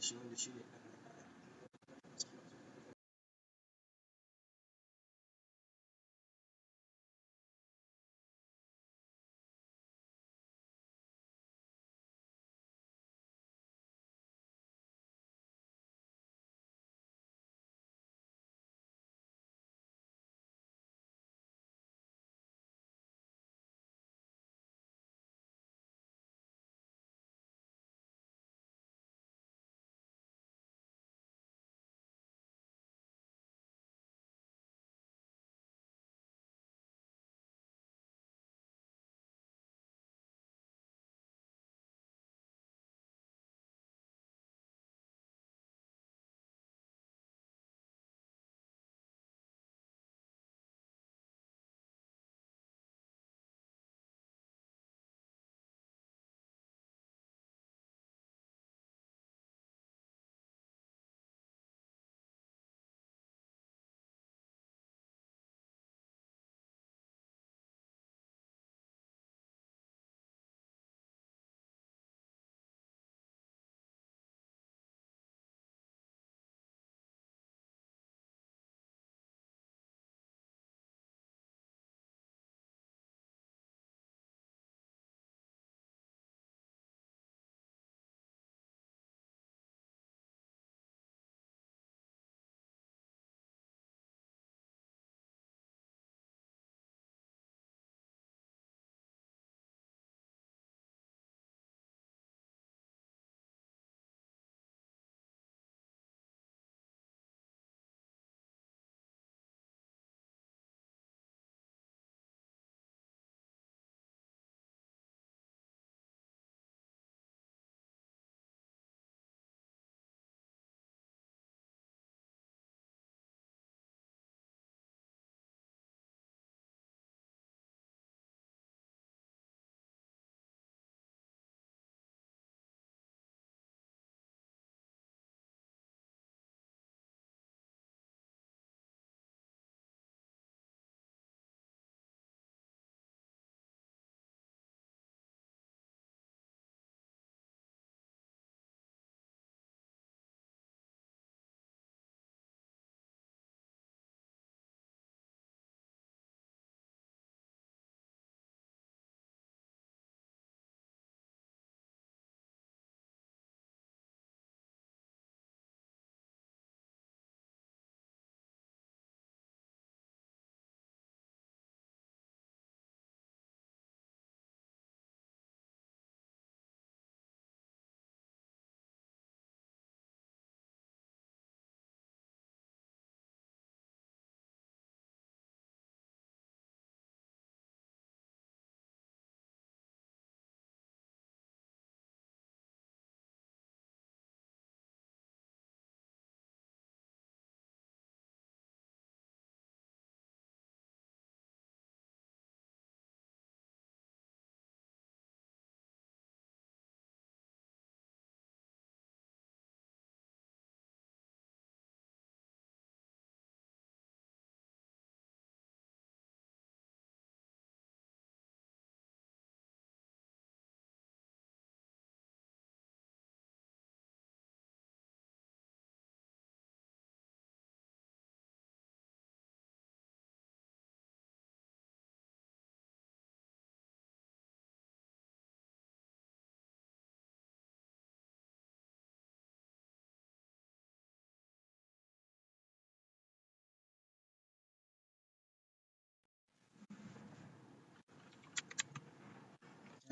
с е г 的 д н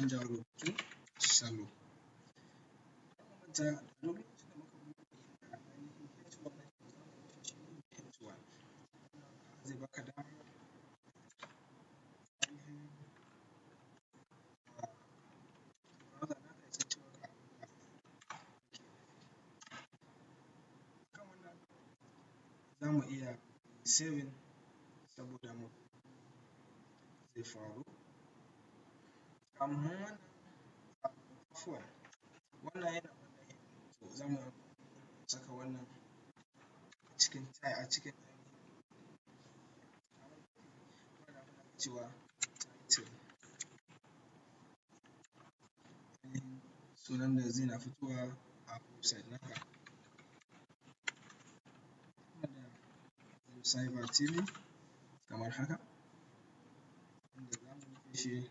jawab itu selalu. zai baka iya saving saboda mu amma afuwa, wannan yana to za mu saka wannan cikin tai a cikin cewa title sunan da zai na fitowa a website naka cyber tv kamar haka wanda za mu shi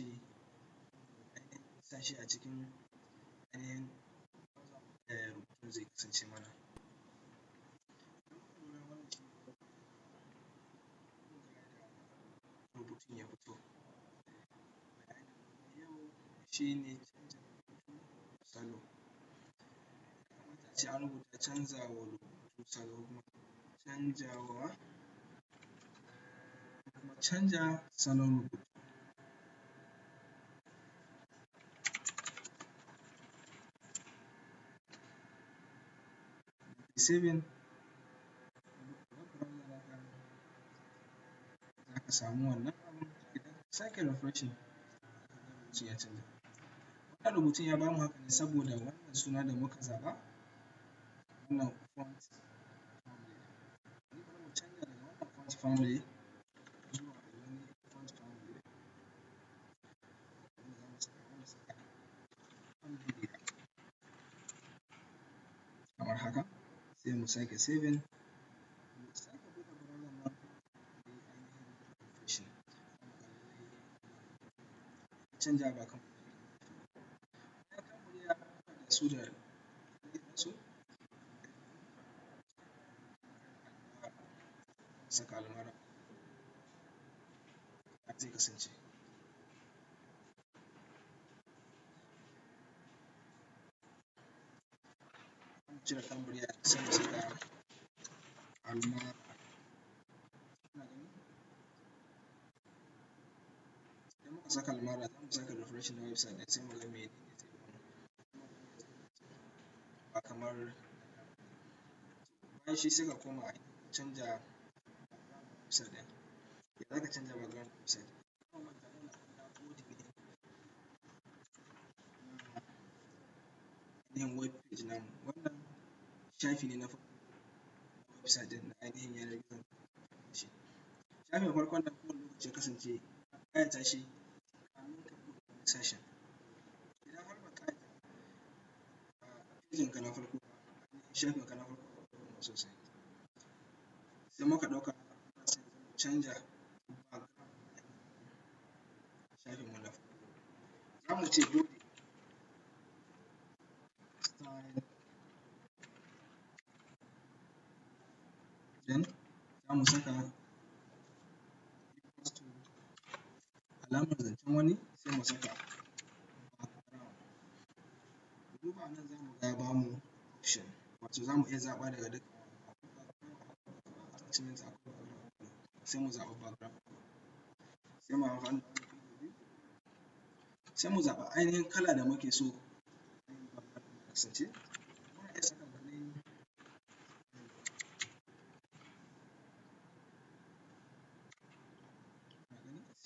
shi sa shi a cikin ainihin eh, rubutun zai kasance mana rubutun ya fito yau shi ne canza salo ce an rubuta canzawa rubutu salo kuma canjawa kuma canja salon rubutu saving zaka samu wannan abun idan ka sake refreshing shi ya canza wannan rubutun ya bamu haka ne saboda wannan suna da muka zaba wannan font family ne bari mu canza daga wannan font family zuwa family kamar haka sai mu sake saving mu sake buɗe browser nan da ainihin configuration canja ba kan ya kamar ya cire tamburi a sai mu almara idan muka saka almara refresh na website sai mu bayan shi sai koma a canja ya za ka canja background website yin web page namu wannan shafi ne na farko website ɗin na ainihin yanar gizon shi shafin farkon da kowane lokaci ya kasance an ƙayata shi kamin ka buɗe wani sashen idan har ba ƙayata pejin ka na farko ba shafin ka na farko ba ba sosai sai muka ɗauka muna son mu canja background shafin mu na farko za mu ce dole then za mu saka equals to alamar zancen wani sai mu saka background duba nan za mu ga ya bamu option wato za iya zaɓa daga duk sai mu zaɓi background sai mu ainihin kala da muke so kasance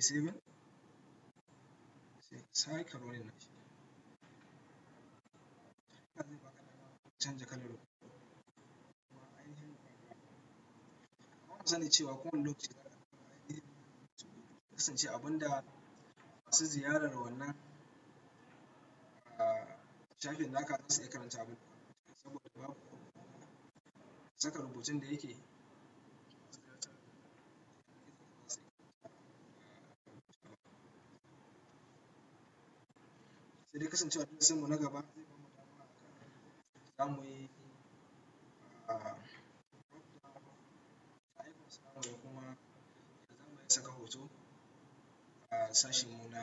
7 sai sai ka rolin na shi ba zai baka dama sani cewa kowane lokaci za ka ainihin kasance abinda masu ziyarar wannan shafin naka za su iya karanta abin saboda babu saka rubutun da yake sai kasance a darasin mu na gaba zai ba mu dama za mu yi da kuma da za mu yi saka hoto a sashen mu na